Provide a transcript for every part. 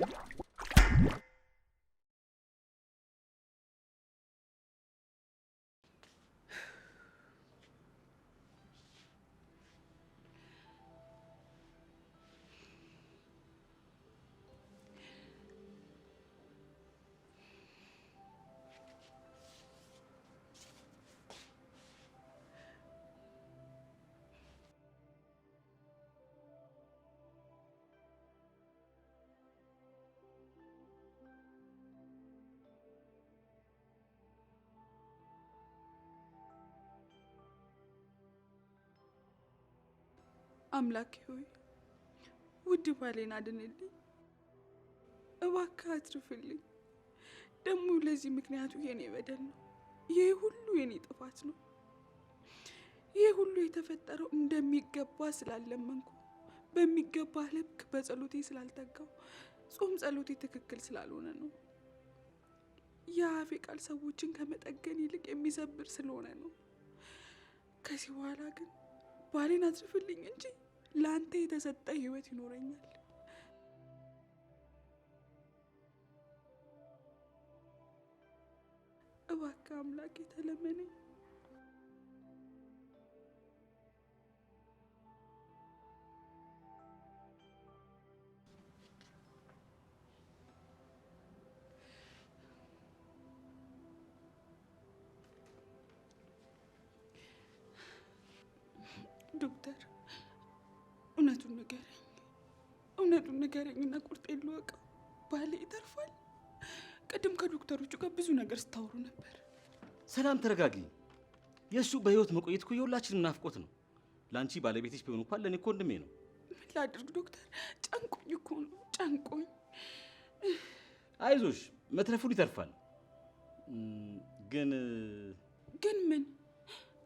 you አምላክ ሆይ ውድ ባሌን አድንልኝ፣ እባክህ አትርፍልኝ። ደግሞ ለዚህ ምክንያቱ የኔ በደል ነው። ይህ ሁሉ የኔ ጥፋት ነው። ይህ ሁሉ የተፈጠረው እንደሚገባ ስላለመንኩ፣ በሚገባ ልክ በጸሎቴ ስላልጠጋው ጾም ጸሎቴ ትክክል ስላልሆነ ነው። የአፌ ቃል ሰዎችን ከመጠገን ይልቅ የሚሰብር ስለሆነ ነው። ከዚህ በኋላ ግን ባሌን አትርፍልኝ እንጂ ለአንተ የተሰጠ ህይወት ይኖረኛል። እባክህ አምላክ የተለመነኝ ዶክተር ንገረኝ፣ እውነቱን ንገረኝና ቁርጤን ልወቀው። ባሌ ይተርፋል። ቅድም ከዶክተሮቹ ጋር ብዙ ነገር ስታወሩ ነበር። ሰላም ተረጋጊ። የእሱ በህይወት መቆየት እኮ የሁላችንም ናፍቆት ነው። ለአንቺ ባለቤትሽ ቢሆን እንኳን ለእኔ እኮ ወንድሜ ነው። ምን ላድርግ ዶክተር፣ ጨንቆኝ እኮ ነው ጨንቆኝ። አይዞሽ፣ መትረፉን ይተርፋል። ግን ግን ምን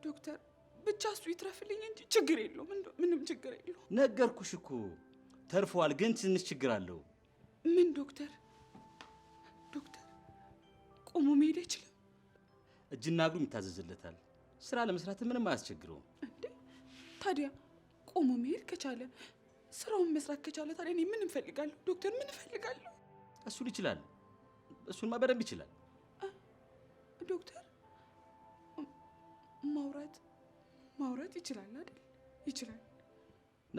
ዶክተር ብቻ እሱ ይትረፍልኝ እንጂ ችግር የለውም፣ ምንም ችግር የለውም። ነገርኩሽ እኮ ተርፈዋል፣ ግን ትንሽ ችግር አለው። ምን ዶክተር? ዶክተር ቆሞ መሄድ አይችልም። እጅና እግሩም ይታዘዝለታል። ስራ ለመስራት ምንም አያስቸግረውም። እንዴ ታዲያ ቆሞ መሄድ ከቻለ ስራውን መስራት ከቻለ ታዲያ እኔ ምን እንፈልጋለሁ? ዶክተር ምን እንፈልጋለሁ? እሱን ይችላል። እሱንማ በደንብ ይችላል ዶክተር ማውራት ማውራት ይችላል አይደል? ይችላል።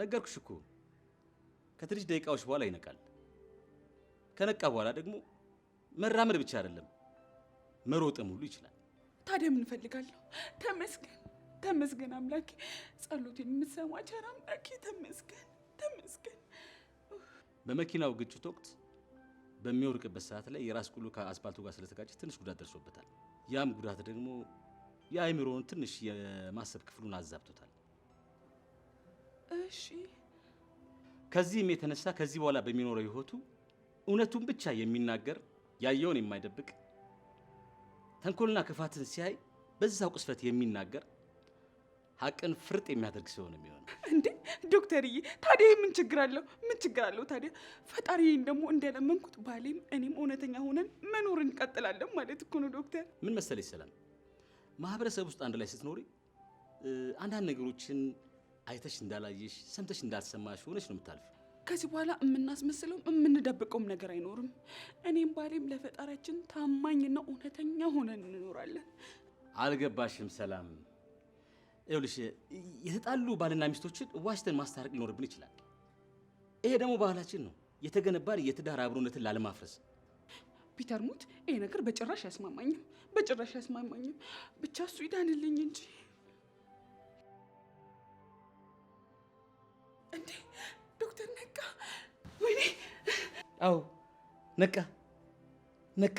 ነገርኩሽ እኮ ከትንሽ ደቂቃዎች በኋላ ይነቃል። ከነቃ በኋላ ደግሞ መራመድ ብቻ አይደለም መሮጥም ሁሉ ይችላል። ታዲያ ምን እፈልጋለሁ? ተመስገን ተመስገን አምላኬ፣ ጸሎቴን የምትሰማ ቸር አምላኬ ተመስገን ተመስገን። በመኪናው ግጭት ወቅት በሚወርቅበት ሰዓት ላይ የራስ ቁሉ ከአስፓልቱ ጋር ስለተጋጨ ትንሽ ጉዳት ደርሶበታል። ያም ጉዳት ደግሞ የአእምሮውን ትንሽ የማሰብ ክፍሉን አዛብቶታል። እሺ። ከዚህም የተነሳ ከዚህ በኋላ በሚኖረው ህይወቱ እውነቱን ብቻ የሚናገር ያየውን የማይደብቅ ተንኮልና ክፋትን ሲያይ በዛው ቅስፈት የሚናገር ሀቅን ፍርጥ የሚያደርግ ሲሆን ነው እንዴ ዶክተርዬ፣ ታዲያ ምን ችግር አለው? ምን ችግር አለው ታዲያ? ፈጣሪዬን ደግሞ እንደለመንኩት ባሌም እኔም እውነተኛ ሆነን መኖር እንቀጥላለን ማለት እኮ ነው ዶክተር። ምን መሰለሽ ሰላም ማህበረሰብ ውስጥ አንድ ላይ ስትኖሪ አንዳንድ ነገሮችን አይተሽ እንዳላየሽ ሰምተሽ እንዳልሰማሽ ሆነች ነው የምታልፍ። ከዚህ በኋላ የምናስመስለውም የምንደብቀውም ነገር አይኖርም። እኔም ባሌም ለፈጣሪያችን ታማኝና እውነተኛ ሆነን እንኖራለን። አልገባሽም ሰላም? ይኸውልሽ የተጣሉ ባልና ሚስቶችን ዋሽተን ማስታረቅ ሊኖርብን ይችላል። ይሄ ደግሞ ባህላችን ነው የተገነባን የትዳር አብሮነትን ላለማፍረስ ፒተር ሙት፣ ይሄ ነገር በጭራሽ አያስማማኝም፣ በጭራሽ አያስማማኝም። ብቻ እሱ ይዳንልኝ እንጂ እንዴ! ዶክተር ነቃ! ወይኔ! አዎ ነቃ፣ ነቃ።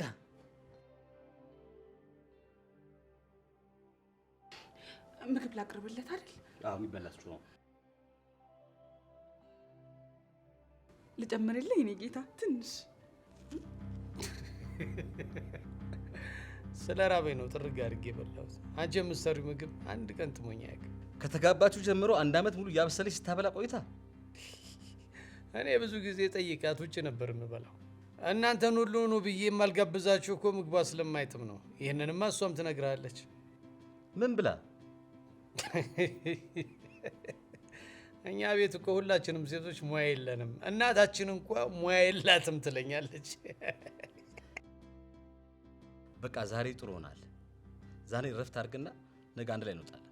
ምግብ ላቅርብለት አይደል? አዎ የሚበላችሁ ነው። ልጨምርልህ የኔ ጌታ ትንሽ ስለ ራበኝ ነው ጥርግ አድርጌ የበላሁት። አንቺ የምትሰሪው ምግብ አንድ ቀን ትሞኛ ያቅ ከተጋባችሁ ጀምሮ አንድ አመት ሙሉ እያበሰለች ስታበላ ቆይታ። እኔ ብዙ ጊዜ ጠይቃት ውጭ ነበር የምበላው። እናንተን ሁሉ ኑ ብዬ የማልጋብዛችሁ እኮ ምግቧ ስለማይጥም ነው። ይህንንማ እሷም ትነግራለች። ምን ብላ? እኛ ቤት እኮ ሁላችንም ሴቶች ሙያ የለንም፣ እናታችን እንኳ ሙያ የላትም ትለኛለች። በቃ ዛሬ ጥሩ ሆናል። ዛሬ ረፍት አድርግና ነገ አንድ ላይ እንወጣለን።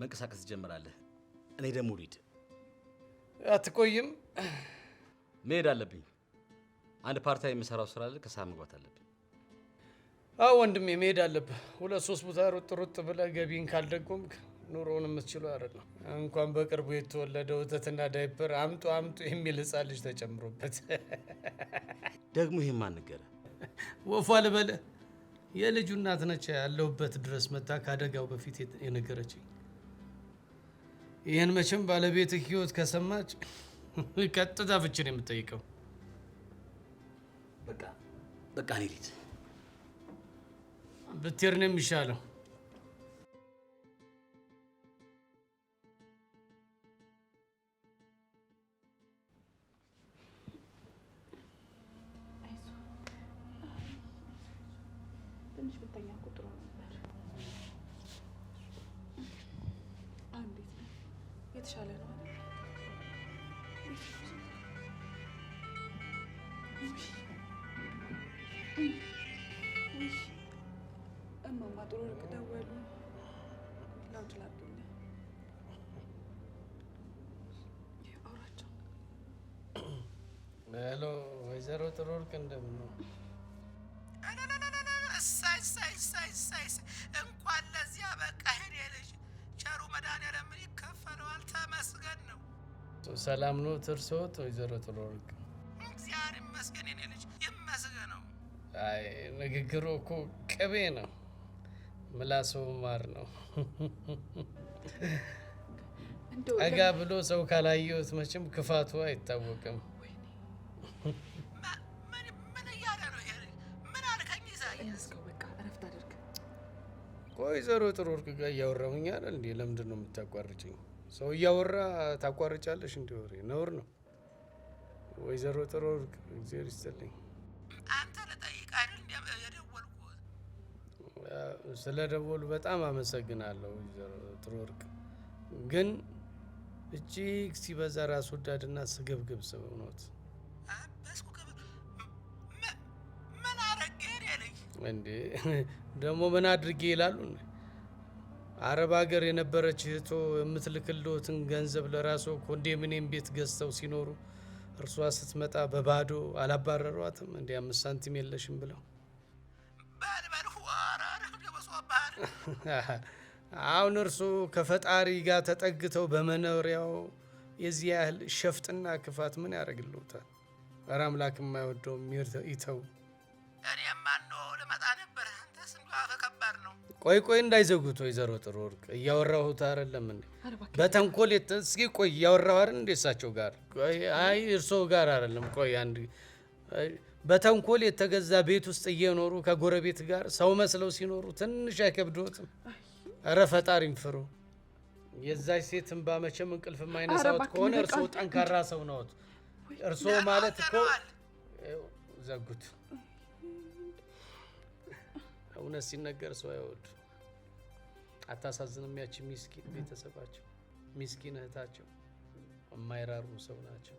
መንቀሳቀስ ትጀምራለህ። እኔ ደግሞ ልሂድ። አትቆይም? መሄድ አለብኝ። አንድ ፓርታይ የምሰራው ስራ አለ። ከሳ መግባት አለብኝ። አዎ ወንድሜ መሄድ አለብህ። ሁለት ሶስት ቦታ ሩጥ ሩጥ ብለህ ገቢን ካልደጎምክ ኑሮውን የምትችሉ ያረግ ነው። እንኳን በቅርቡ የተወለደ ወተትና ዳይፐር አምጡ አምጡ የሚል ህፃን ልጅ ተጨምሮበት ደግሞ ይህም አንገረ ወፏ ልበለ የልጁ እናት ነች ያለሁበት ድረስ መታ ከአደጋው በፊት የነገረችኝ። ይህን መቼም ባለቤት ህይወት ከሰማች ቀጥታ ፍችን የምጠይቀው በቃ በቃ ሌሊት ብትሄድ ነው የሚሻለው። የተሻለ ነው። እማማ ጥሩ ርቅ ደወሉ። ላውንች አውራቸው። ሄሎ፣ ወይዘሮ ጥሩ ርቅ እንደምን ነው? የሚያስመስገን ነው። ሰላም ነው እርስዎት ወይዘሮ ጥሩ ወርቅ? እግዚአብሔር ይመስገን የኔ ልጅ ነው። አይ ንግግሩ እኮ ቅቤ ነው፣ ምላሶ ማር ነው። ጠጋ ብሎ ሰው ካላየሁት መቼም ክፋቱ አይታወቅም። ቆይ ዘሮ ጥሩ ወርቅ ጋር እያወራሁኝ አይደል እንዴ? ለምንድን ነው የምታቋርጭኝ? ሰው እያወራ ታቋርጫለሽ? እንዲ ወሬ ነውር ነው። ወይዘሮ ጥሩ ወርቅ እግዚአብሔር ይስጥልኝ። አንተ ለጠይቃ የደወልኩት ስለ ደወሉ በጣም አመሰግናለሁ ወይዘሮ ጥሩ ወርቅ። ግን እጅግ ሲበዛ ራስ ወዳድና ስግብግብ ሰው ኖት። ምን አረጌ ልጅ እንዴ ደግሞ ምን አድርጌ ይላሉ አረብ ሀገር የነበረች እህቶ የምትልክሎትን ገንዘብ ለራሱ ኮንዶሚኒየም ቤት ገዝተው ሲኖሩ እርሷ ስትመጣ በባዶ አላባረሯትም? እንዲ አምስት ሳንቲም የለሽም ብለው አሁን እርሱ ከፈጣሪ ጋር ተጠግተው በመኖሪያው የዚህ ያህል ሸፍጥና ክፋት ምን ያደርግልዎታል? ኧረ አምላክ የማይወደው ይተው። እኔ ማኖ ልመጣ ነበር። አንተስ እንዲ አፈ ከባድ ነው ቆይ ቆይ እንዳይዘጉት ወይዘሮ ጥሩ ወርቅ እያወራሁት አይደለም እንዴ? በተንኮል እስኪ ቆይ እያወራሁ አይደል እንዴ? እሳቸው ጋር አይ እርሶ ጋር አይደለም። ቆይ አንድ በተንኮል የተገዛ ቤት ውስጥ እየኖሩ ከጎረቤት ጋር ሰው መስለው ሲኖሩ ትንሽ አይከብድዎትም? እረ ፈጣሪን ፍሩ። የዛች ሴት እንባ መቼም እንቅልፍ የማይነሳዎት ከሆነ እርሶ ጠንካራ ሰው ነዎት። እርሶ ማለት እኮ ዘጉት። እውነት ሲነገር ሰው አይወዱ። አታሳዝንም? ያቺ ሚስኪን ቤተሰባቸው ሚስኪን እህታቸው የማይራሩ ሰው ናቸው።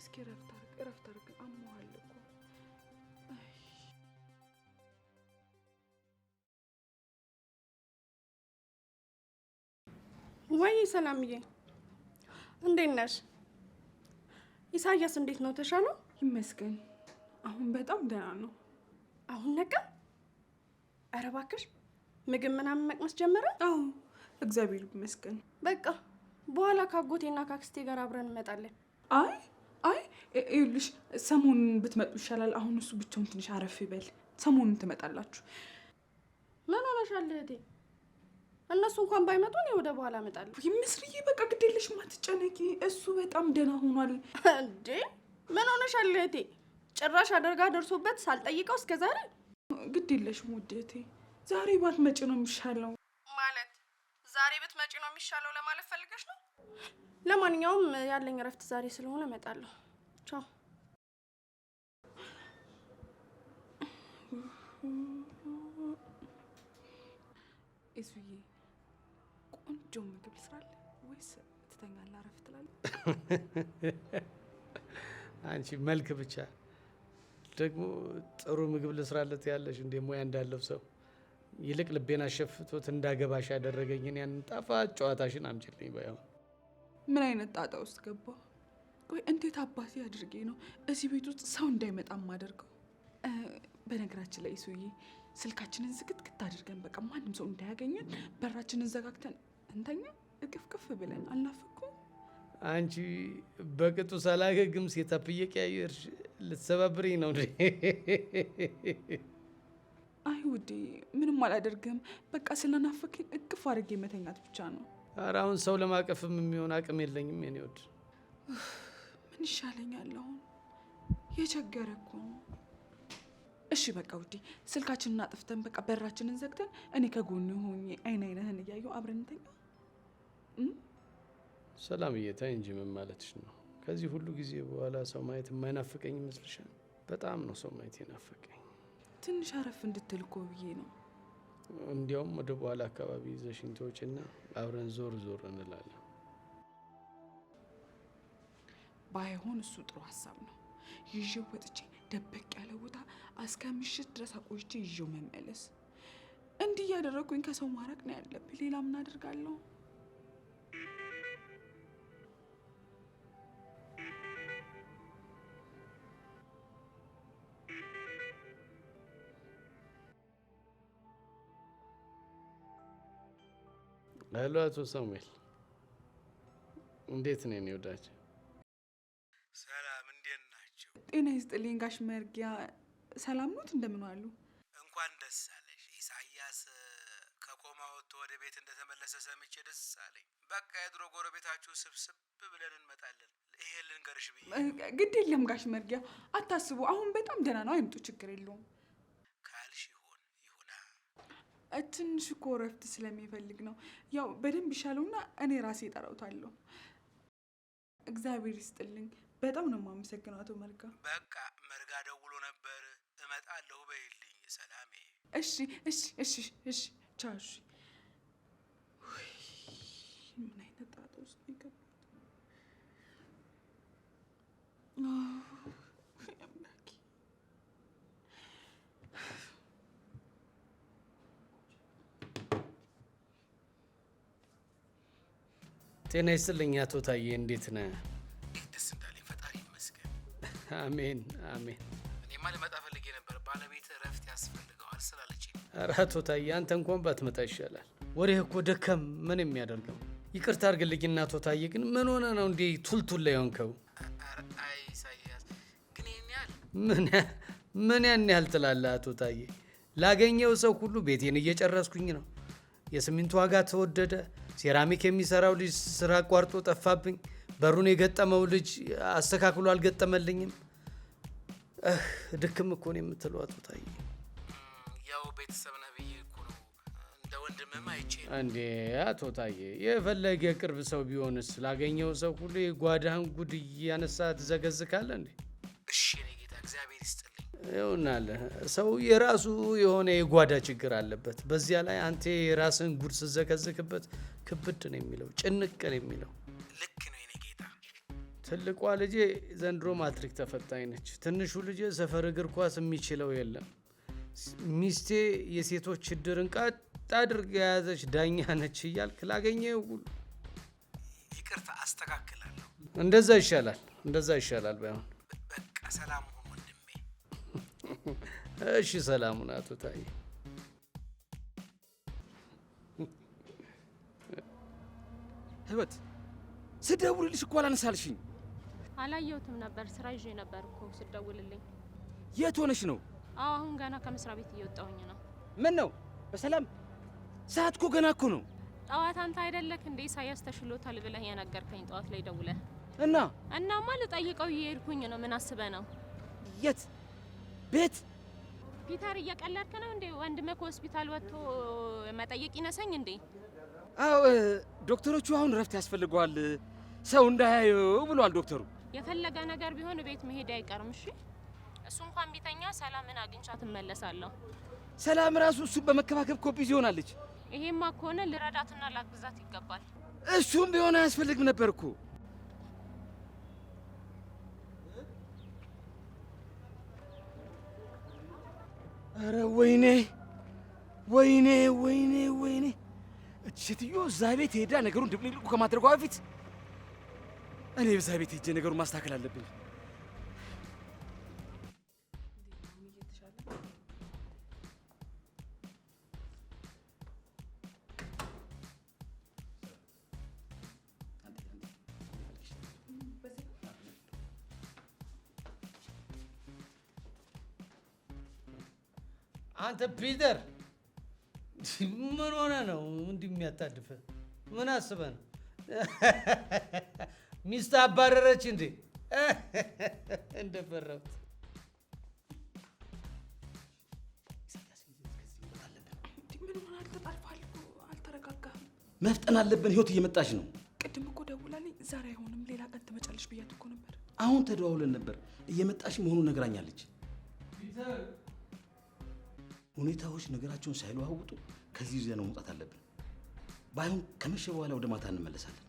እስኪ ረፍት እኮ ወይ ሰላምዬ፣ እንዴት ነሽ? ኢሳያስ እንዴት ነው? ተሻለው? ይመስገን። አሁን በጣም ደህና ነው። አሁን ነቃ? ኧረ እባክሽ ምግብ ምናምን መቅመስ ጀመረ? አዎ፣ እግዚአብሔር ይመስገን። በቃ በኋላ ካጎቴና ካክስቴ ጋር አብረን እንመጣለን። አይ አይ፣ ይኸውልሽ ሰሞኑን ብትመጡ ይሻላል። አሁን እሱ ብቻውን ትንሽ አረፍ ይበል። ሰሞኑን ትመጣላችሁ። ምን ሆነሻል እህቴ? እነሱ እንኳን ባይመጡ እኔ ወደ በኋላ እመጣለሁ። ምስርዬ በቃ ግዴለሽ፣ ማትጨነቂ፣ እሱ በጣም ደህና ሆኗል። እንዴ ምን ሆነሻል እህቴ? ጭራሽ አደርጋ ደርሶበት ሳልጠይቀው እስከ ዛሬ። ግዴለሽም ውድ እህቴ፣ ዛሬ ባትመጪ ነው የሚሻለው። ማለት ዛሬ ብትመጪ ነው የሚሻለው ለማለት ፈልገሽ ነው? ለማንኛውም ያለኝ እረፍት ዛሬ ስለሆነ እመጣለሁ። ቻው። እሱዬ እንጆ ምግብ ልስራል ወይስ አንቺ መልክ ብቻ ደግሞ ጥሩ ምግብ ልስራለት ያለሽ እንደ ሙያ እንዳለው ሰው ይልቅ ልቤን አሸፍቶት እንዳገባሽ ያደረገኝን ያን ጣፋጭ ጨዋታሽን አምጪልኝ። ባይሆን ምን አይነት ጣጣ ውስጥ ገባሁ? ቆይ እንዴት አባቴ አድርጌ ነው እዚህ ቤት ውስጥ ሰው እንዳይመጣ ማደርገው? በነገራችን ላይ ሱዬ ስልካችንን ዝግትግት አድርገን በቃ ማንም ሰው እንዳያገኘን በራችንን ዘጋግተን እንተኛ እቅፍቅፍ ብለን አልናፍኩ። አንቺ በቅጡ ሳላገግም ሴታፕ እየቀያየርሽ ልትሰባብሪኝ ነው እንዴ? አይ ውዴ፣ ምንም አላደርግም። በቃ ስለናፈከኝ እቅፍ አድርጌ መተኛት ብቻ ነው። ኧረ አሁን ሰው ለማቀፍም የሚሆን አቅም የለኝም። የኔ ወድ ምን ይሻለኛል አሁን? የቸገረ እኮ ነው። እሺ በቃ ውዴ፣ ስልካችንን አጥፍተን በቃ በራችንን ዘግተን እኔ ከጎን ሆኜ አይን አይነህን እያየሁ አብረን እንተኛ። ሰላም እየታይ እንጂ ምን ማለትሽ ነው? ከዚህ ሁሉ ጊዜ በኋላ ሰው ማየት የማይናፍቀኝ ይመስልሻል? በጣም ነው ሰው ማየት የናፈቀኝ። ትንሽ አረፍ እንድትል እኮ ብዬ ነው። እንዲያውም ወደ በኋላ አካባቢ ይዘሽኝ ትወጪና አብረን ዞር ዞር እንላለን። ባይሆን እሱ ጥሩ ሀሳብ ነው። ይዤው ወጥቼ ደበቅ ያለ ቦታ እስከ ምሽት ድረስ አቆይቼ ይዤው መመለስ። እንዲህ እያደረግኩኝ ከሰው ማራቅ ነው ያለብኝ። ሌላ ምን አደርጋለሁ? ሄሎ አቶ ሳሙኤል እንዴት ነህ? እኔ ሰላም፣ እንዴት ናቸው? ጤና ይስጥልኝ ጋሽ መርጊያ ሰላም ኖት? እንደምን አሉ? እንኳን ደስ አለሽ። ኢሳያስ ከኮማ ወጥቶ ወደ ቤት እንደተመለሰ ሰምቼ ደስ አለኝ። በቃ የድሮ ጎረቤታችሁ ስብስብ ብለን እንመጣለን። ይሄ ልንገርሽ ብዬ። ግድ የለም ጋሽ መርጊያ አታስቡ። አሁን በጣም ደህና ነው፣ አይምጡ፣ ችግር የለውም። ትንሽ እኮ እረፍት ስለሚፈልግ ነው። ያው በደንብ ይሻለውና እኔ ራሴ ጠራውታለሁ። እግዚአብሔር ይስጥልኝ። በጣም ነው የማመሰግነው አቶ መርጋ። በቃ መርጋ ደውሎ ነበር፣ እመጣለሁ በይልኝ ሰላሜ። እሺ፣ እሺ፣ እሺ፣ እሺ። ቻሽ ምን አይነት ጣጣ ውስጥ ይገባል። ጤና ይስጥልኝ አቶ ታዬ፣ እንዴት ነ? እንዴት ደስ እንዳለኝ፣ ፈጣሪ ይመስገን። አሜን አሜን። እኔማ ልመጣ ፈልጌ ነበር፣ ባለቤት እረፍት ያስፈልገዋል ስላለች። ኧረ አቶ ታዬ፣ አንተ እንኳን ባትመጣ ይሻላል። ወሬህ እኮ ደከም ምን የሚያደርገው ይቅርታ አድርግልኝና አቶ ታዬ፣ ግን ምን ሆነ ነው እንዲህ ቱልቱል ላይ ሆንከው? ምን ያን ያህል ትላለህ? አቶ ታዬ፣ ላገኘው ሰው ሁሉ ቤቴን እየጨረስኩኝ ነው። የሲሚንቶ ዋጋ ተወደደ ሴራሚክ የሚሰራው ልጅ ስራ አቋርጦ ጠፋብኝ። በሩን የገጠመው ልጅ አስተካክሎ አልገጠመልኝም። ድክም እኮ ነው የምትለው አቶ ታዬ። ያው ቤተሰብ ነህ እኮ ነው እንደ ወንድምም አይቼ እንዴ። አቶ ታዬ የፈለገ ቅርብ ሰው ቢሆንስ ላገኘው ሰው ሁሉ የጓዳህን ጉድ እያነሳ ትዘገዝካለ እንዴ? እሺ ጌታ እግዚአብሔር ይስጥልኝ። ይሆናል ሰው የራሱ የሆነ የጓዳ ችግር አለበት። በዚያ ላይ አንተ የራስን ጉድ ስዘገዝክበት ክብድ ነው የሚለው ጭንቅ ነው የሚለው። ልክ ነው የኔ ጌታ። ትልቋ ልጄ ዘንድሮ ማትሪክ ተፈታኝ ነች። ትንሹ ልጄ ሰፈር እግር ኳስ የሚችለው የለም። ሚስቴ የሴቶች ችድርን ቀጥ አድርጋ የያዘች ዳኛ ነች እያልክ ላገኘህ ሁሉ ይቅርታ አስተካክላለሁ። እንደዛ ይሻላል፣ እንደዛ ይሻላል። ባይሆን በቃ ሰላም ሁን ወንድሜ። እሺ ሰላሙን አቶ ታዬ ህይወት ስደውልልሽ እኮ አላነሳልሽኝ። አላየሁትም ነበር፣ ስራ ይዤ ነበር እኮ ስደውልልኝ። የት ሆነሽ ነው? አዎ አሁን ገና ከመስሪያ ቤት እየወጣሁኝ ነው። ምን ነው? በሰላም ሰዓት እኮ ገና እኮ ነው። ጠዋት አንተ አይደለክ እንደ ኢሳያስ ተሽሎታል ብለህ የነገርከኝ ጠዋት ላይ ደውለህ እና እናማ ልጠይቀው እየሄድኩኝ ነው። ምን አስበህ ነው? የት ቤት? ፒተር እየቀለድክ ነው እንዴ? ወንድምህ ከሆስፒታል ወጥቶ መጠየቅ ይነሰኝ እንዴ? አዎ ዶክተሮቹ አሁን እረፍት ያስፈልገዋል፣ ሰው እንዳያየው ብሏል ዶክተሩ። የፈለገ ነገር ቢሆን ቤት መሄድ አይቀርም። እሺ እሱ እንኳን ቢተኛ ሰላምን አግኝቻት እመለሳለሁ። ሰላም ራሱ እሱ በመከባከብ ኮፒ ሆናለች። ይሄማ ከሆነ ልረዳትና ላግዛት ይገባል። እሱም ቢሆን አያስፈልግም ነበር እኮ ኧረ ወይኔ ወይኔ ወይኔ ወይኔ ሴትዮ እዛ ቤት ሄዳ ነገሩን ድብልቅልቁ ከማድረጓ በፊት እኔ በዛ ቤት ሄጄ ነገሩን ማስተካከል አለብኝ። አንተ ቢልደር ምን ሆነ ነው እንዲህ የሚያታድፈ? ምን አስበ ነው? ሚስት አባረረች እንዴ? እንደፈራሁት መፍጠን አለብን። ህይወት እየመጣች ነው። ቅድም እኮ ደውላልኝ ዛሬ አይሆንም ሌላ ቀን ትመጫለች ብያት እኮ ነበር። አሁን ተደዋውለን ነበር። እየመጣች መሆኑን ነግራኛለች። ሁኔታዎች ነገራቸውን ሳይለዋውጡ ከዚህ ነው መውጣት አለብን። ባይሆን ከመሸ በኋላ ወደ ማታ እንመለሳለን።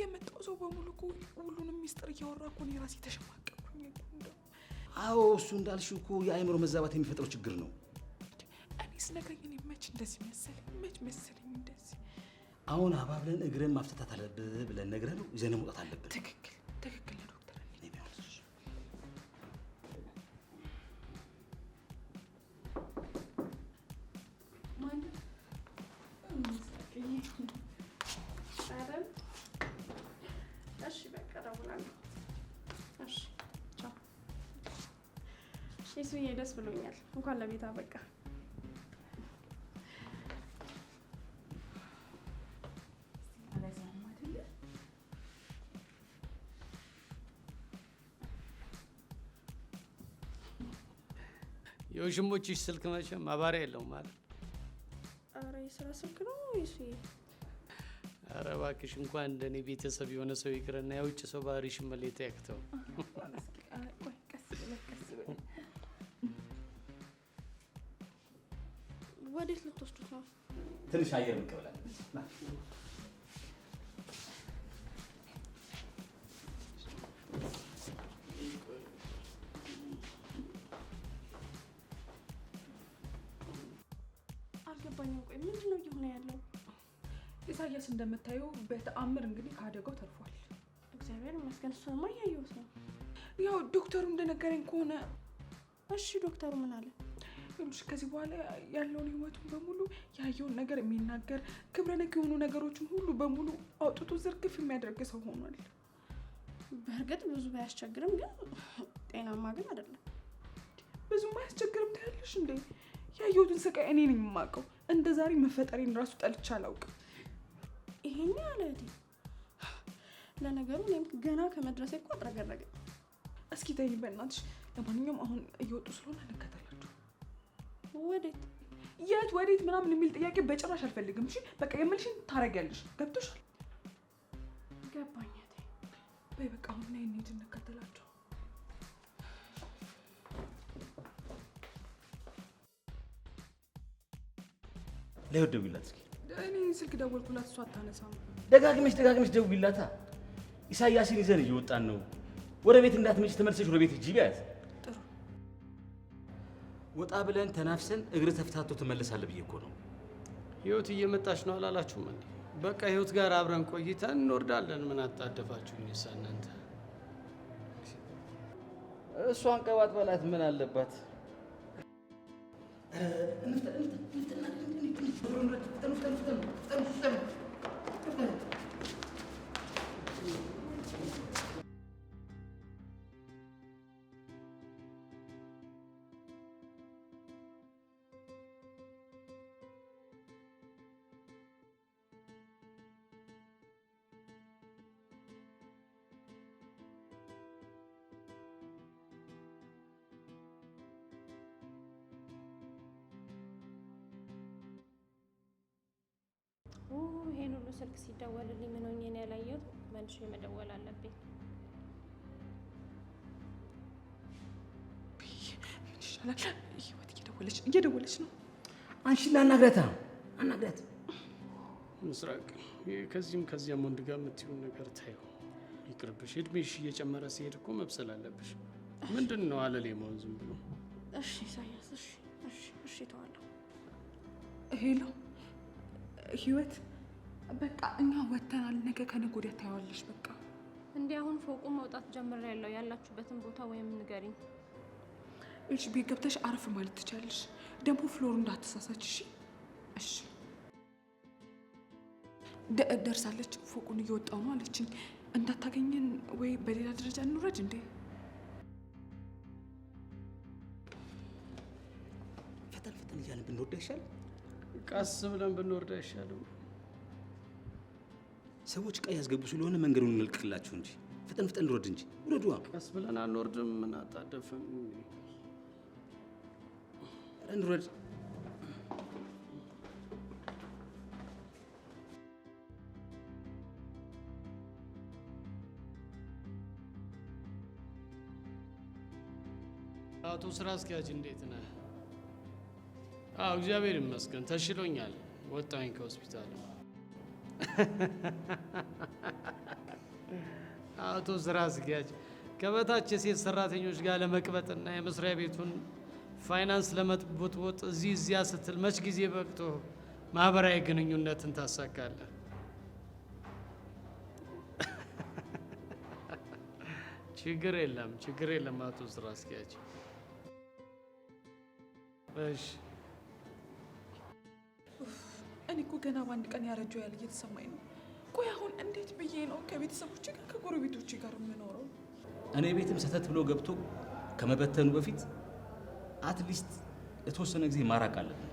የመጣው ሰው በሙሉ እኮ ሁሉንም ሚስጥር እያወራ እኮ እኔ ራሴ ተሸማቀቅኩኝ። አዎ እሱ እንዳልሽው እኮ የአእምሮ መዛባት የሚፈጥረው ችግር ነው። እኔስ ነገ ግን መች እንደዚህ መሰለኝ፣ መች መሰለኝ እንደዚህ። አሁን አባብለን እግርን ማፍተታት አለብህ ብለን ነግረህ ነው ይዘነው መውጣት አለብን። ትክክል ባለቤት አበቃ። የውሽሞችሽ ስልክ መቼም ማባሪያ የለውም ማለት። ኧረ የስራ ስልክ ነው ወይስ? ኧረ እባክሽ እንኳን እንደኔ ቤተሰብ የሆነ ሰው ይቅርና የውጭ ሰው ባህሪሽን መሌት ያክተው። ትንሽ አየር ብቅ አልገባኝም። ቆይ ምንድን ነው እየሆነ ያለው? ኢሳያስ እንደምታየው በተአምር እንግዲህ ከአደጋው ተርፏል። እግዚአብሔር ይመስገን። እሱንማ እያየሁት ነው። ያው ዶክተሩ እንደነገረኝ ከሆነ እሺ፣ ዶክተሩ ምን አለ? ይመስለምሽ ከዚህ በኋላ ያለውን ህይወቱን በሙሉ ያየውን ነገር የሚናገር ክብረ ነክ የሆኑ ነገሮችን ሁሉ በሙሉ አውጥቶ ዝርግፍ የሚያደርግ ሰው ሆኗል። በእርግጥ ብዙ ባያስቸግርም ግን ጤናማ ግን አይደለም። ብዙም አያስቸግርም ትያለሽ እንዴ? ያየሁትን ስቃይ እኔ ነኝ የማውቀው። እንደ ዛሬ መፈጠሬን ራሱ ጠልቼ አላውቅም። ይሄን ያለ ለነገሩ እኔም ገና ከመድረሴ እኮ አጥረገረገ። እስኪ ተይ በእናትሽ። ለማንኛውም አሁን እየወጡ ስለሆነ እንከተል ወዴት የት ወዴት ምናምን የሚል ጥያቄ በጭራሽ አልፈልግም። እሺ በቃ የምልሽን ታረጊያለሽ። ገብቶሻል? ገባኝ። በይ በቃ አሁን ላይ እንሂድ እንከተላቸው። ላይ ለይወት ደውይላት እስኪ። እኔ ስልክ ደወልኩላት እሷ አታነሳም። ደጋግመሽ ደጋግመሽ ደውይላታ። ኢሳያስን ይዘን እየወጣን ነው። ወደ ቤት እንዳትመጪ ተመልሰሽ ወደ ቤት ሂጂ ቢያት ወጣ ብለን ተናፍሰን እግር ተፍታቶ ትመለሳለህ ብዬ እኮ ነው። ህይወት እየመጣች ነው አላላችሁም እንዴ? በቃ ህይወት ጋር አብረን ቆይተን እንወርዳለን። ምን አጣደፋችሁ? እኔሳ እናንተ እሷን ቀባት በላት ምን አለባት? እንፍጠን እንፍጠን እንፍጠን ስልክ ሲደወልልኝ ምን ሆኜ ነው ያላየሁት መልሼ መደወል አለብኝ። ምን ይሻላል? ህይወት እየደወለች እየደወለች ነው። አንቺ ላናግረታ አናግረት ምስራቅ ከዚህም ከዚያም ወንድ ጋር የምትይው ነገር ታየው ይቅርብሽ። እድሜሽ እየጨመረ ሲሄድ እኮ መብሰል አለብሽ። ምንድን ነው አለሌ መሆን ዝም ብሎ። እሺ ኢሳያስ፣ እሺ፣ እሺ፣ እሺ፣ ተዋለሁ። ሄሎ ህይወት በቃ እኛ ወተናል። ነገ ከነገ ወዲያ ታየዋለሽ። በቃ እንዴ አሁን ፎቁ መውጣት ጀምር ያለው ያላችሁበትን ቦታ ወይም ንገሪኝ። እሺ ቤት ገብተሽ አረፍ ማለት ትቻለሽ። ደግሞ ፍሎር እንዳትሳሳች። እሺ እሺ። ደርሳለች። ፎቁን እየወጣው ነው አለችኝ። እንዳታገኘን ወይ በሌላ ደረጃ እንውረድ እንዴ? ፈጠን ፈጠን እያለን ብንወርድ አይሻልም? ቀስ ብለን ብንወርድ አይሻልም? ሰዎች ቀይ ያስገቡ ስለሆነ መንገዱን እንልቅቅላችሁ እንጂ ፍጠን ፍጠን እንሮድ እንጂ ውረዱ። ቀስ ብለን አንወርድም። ምን አጣደፍም። ኧረ እንሮድ። አቶ ስራ አስኪያጅ እንዴት ነህ? አዎ እግዚአብሔር ይመስገን ተሽሎኛል። ወጣኝ ከሆስፒታል አቶ ስራ አስኪያጅ ከበታች የሴት ሰራተኞች ጋር ለመቅበጥና የመስሪያ ቤቱን ፋይናንስ ለመጥቦጥቦጥ እዚህ እዚያ ስትል መች ጊዜ በቅቶ ማህበራዊ ግንኙነትን ታሳካለህ? ችግር የለም ችግር የለም አቶ ስራ አስኪያጅ። እሺ እኮ ገና በአንድ ቀን ያረጀው ያህል እየተሰማኝ ነው። ቆይ አሁን እንዴት ብዬ ነው ከቤተሰቦች ጋር ከጎረቤቶች ጋር የምኖረው? እኔ ቤትም ሰተት ብሎ ገብቶ ከመበተኑ በፊት አትሊስት የተወሰነ ጊዜ ማራቅ አለብን።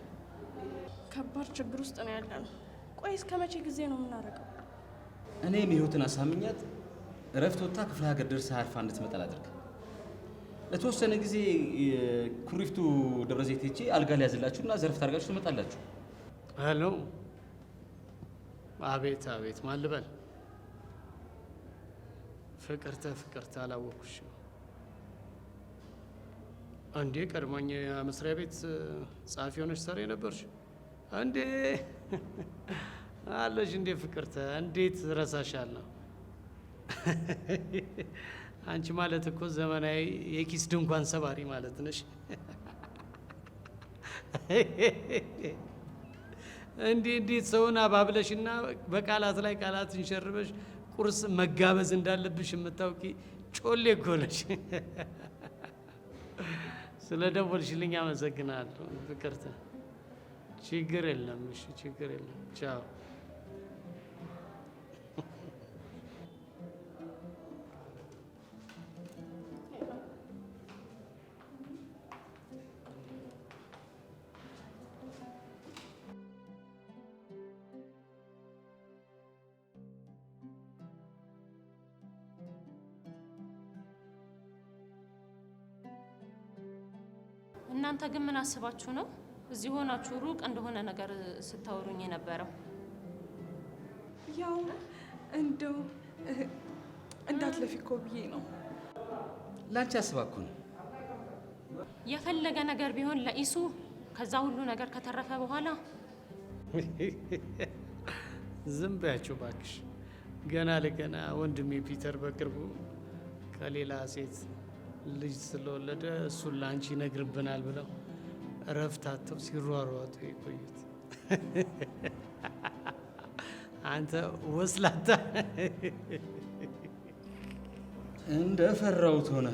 ከባድ ችግር ውስጥ ነው ያለ ነው። ቆይ እስከ መቼ ጊዜ ነው የምናደርገው? እኔም ህይወትን አሳምኛት እረፍት ወጥታ ክፍለ ሀገር ደርሳ አርፋ እንድትመጣል አድርግ። ለተወሰነ ጊዜ ኩሪፍቱ ደብረዘይት ዘይት አልጋ ሊያዝላችሁ እና ዘርፍ ታርጋችሁ ትመጣላችሁ። አቤት አቤት ማን ልበል? ፍቅርተ ፍቅርተ አላወቅኩሽ። እንዴ ቀድሞኝ መስሪያ ቤት ጸሐፊ ሆነሽ ሰሪ ነበርሽ እንዴ? አለሽ እንዴ ፍቅርተ፣ እንዴት ረሳሻለሁ። አንቺ ማለት እኮ ዘመናዊ የኪስ ድንኳን ሰባሪ ማለት ነሽ። እንዲህ እንዲህ ሰውን አባብለሽና በቃላት ላይ ቃላት እንሸርበሽ ቁርስ መጋበዝ እንዳለብሽ የምታውቂ ጮሌ ጎለሽ። ስለ ደወልሽልኝ አመሰግናለሁ። ፍቅርት ችግር የለም። እሺ ችግር የለም። ቻው እናንተ ግን ምን አስባችሁ ነው እዚህ ሆናችሁ ሩቅ እንደሆነ ነገር ስታወሩኝ የነበረው? ያው እንደው እንዳትለፊ እኮ ብዬ ነው። ላንቺ አስባኩ ነው። የፈለገ ነገር ቢሆን ለኢሱ ከዛ ሁሉ ነገር ከተረፈ በኋላ ዝም በያቸው እባክሽ። ገና ለገና ወንድሜ ፒተር በቅርቡ ከሌላ ሴት ልጅ ስለወለደ እሱን ለአንቺ ይነግርብናል ብለው ረፍታተው ሲሯሯጡ የቆዩት አንተ ወስላታ እንደ ፈራሁት ሆነ።